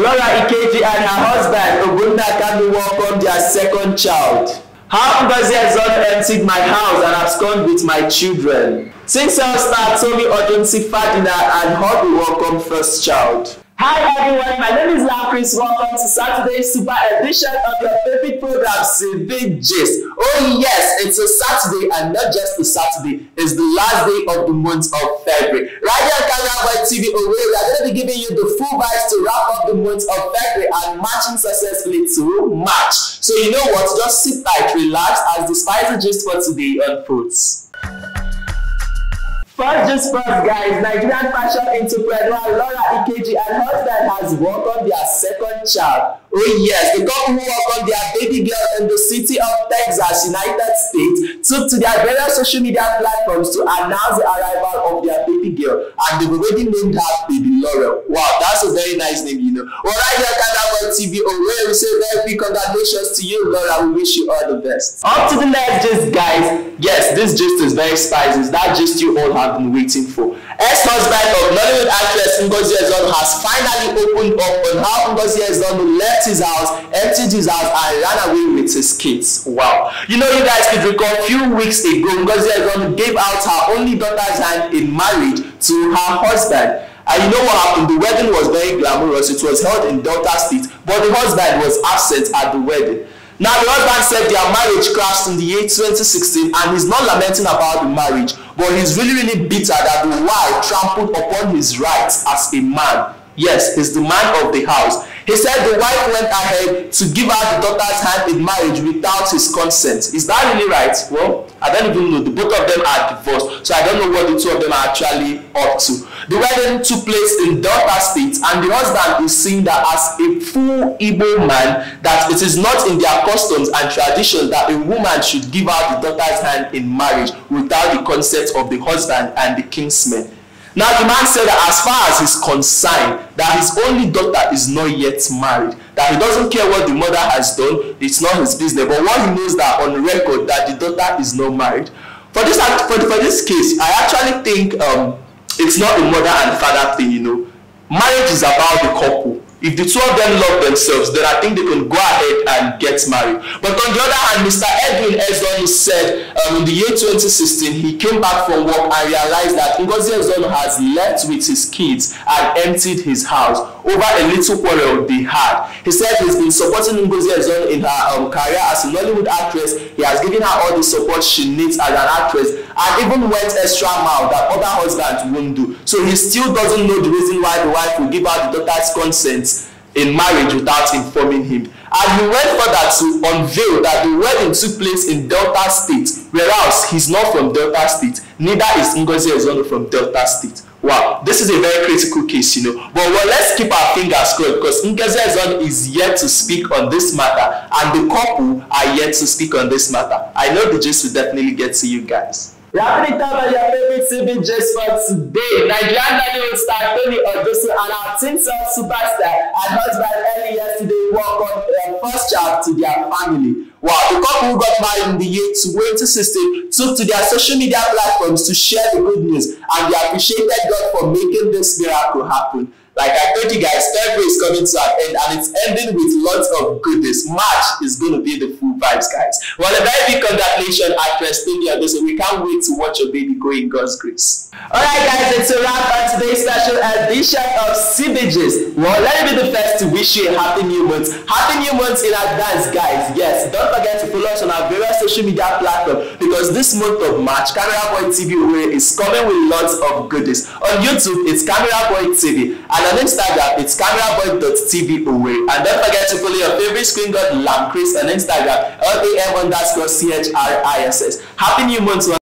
Lola Ikeji and her husband Ogbonna Kanu welcomed their second child. How Ngozi has not emptied my house and absconded with my children. Since all star Tomi Odunsi Fadina and Hobby welcomed first child. Hi everyone, my name is Lapris. Welcome to Saturday's super edition of your favorite program, CV Gist. Oh yes, it's a Saturday and not just a Saturday. It's the last day of the month of February. Right here on Kalabai TV Away, we are going to be giving you the full vibes to wrap up the month of February and matching successfully to March. So you know what? Just sit tight, relax as the spicy gist for today unfolds. First just first, guys, Nigerian fashion entrepreneur Laura Ikeji and husband has welcomed their second child. Oh yes, the couple welcomed their baby girl in the city of Texas, United States, took to their various social media platforms to announce the arrival of their baby girl and they've already named her Baby Laura. Wow, That's a very nice name, you know. Well, right here, Kadabot TV Owe, we say very big congratulations to you, Laura. We wish you all the best. Up to the next gist, guys. Yes, this gist is very spicy. It's that gist you all have been waiting for. Ex-husband of Nollywood actress Ngozi Ezon has finally opened up on how Ngozi Ezon left his house, emptied his house, and ran away with his kids. Wow. You know, you guys could recall a few weeks ago, Ngozi Ezon gave out her only daughter's hand in marriage to her husband. And you know what happened? The wedding was very glamorous. It was held in Delta State, but the husband was absent at the wedding. Now the husband said their marriage crashed in the year 2016 and he's not lamenting about the marriage, but he's really, really bitter that the wife trampled upon his rights as a man. Yes, he's the man of the house. He said the wife went ahead to give out the daughter's hand in marriage without his consent. Is that really right? Well, I don't even know. The both of them are divorced, so I don't know what the two of them are actually up to. The wedding took place in Delta State, and the husband is seen that as a full Igbo man, that it is not in their customs and tradition that a woman should give out the daughter's hand in marriage without the consent of the husband and the kinsmen. Now the man said that as far as he's concerned, that his only daughter is not yet married, that he doesn't care what the mother has done, it's not his business. But what he knows that on record that the daughter is not married. For this for, for this case, I actually think um, it's not a mother and father thing, you know. Marriage is about the couple. If the two of them love themselves, then I think they can go ahead and get married. But on the other hand, Mr. Edwin Ezon said um, in the year 2016, he came back from work and realized that Ngozi Ezeonu has left with his kids and emptied his house over a little quarrel they had. He said he's been supporting Ngozi Ezeonu in her um, career as a Nollywood actress. He has given her all the support she needs as an actress and even went extra mile that other husbands won't do. So he still doesn't know the reason why the wife will give out the daughter's consent in marriage without informing him. And he went further to unveil that the wedding took place in Delta State, whereas he's not from Delta State, neither is Ngozi Ezeonu from Delta State. Wow, this is a very critical case, you know. But well, let's keep our fingers crossed because Ngozi Ezeonu is yet to speak on this matter, and the couple are yet to speak on this matter. I know the gist will definitely get to you guys. Rapid time your favorite TV just for today. Nigerian Daniel star Tony Odosu and our team song superstar announced by early yesterday welcome their first child to their family. Wow, the couple who got married in the year 2016 took to their social media platforms to share the good news and they appreciated God for making this miracle happen. Like I told you guys, February is coming to an end and it's ending with lots of goodness. March is going to be the full vibes, guys. Well, a very big of that nation at Press Stadium. They We can't wait to watch your baby go in God's grace. All right, guys, it's a wrap for today's special edition of CBGs. Well, let me be the first to wish you a happy new month. Happy new month in advance, guys. Yes, don't forget to follow us on our various social media platforms because this month of March, Camera Boy TV Ure is coming with lots of goodies. On YouTube, it's Camera Boy TV, and on Instagram, it's cameraboy.tv Ure. And don't forget to follow your favorite screen god Lamb Chris on Instagram, L A M underscore HRISS. Happy New Month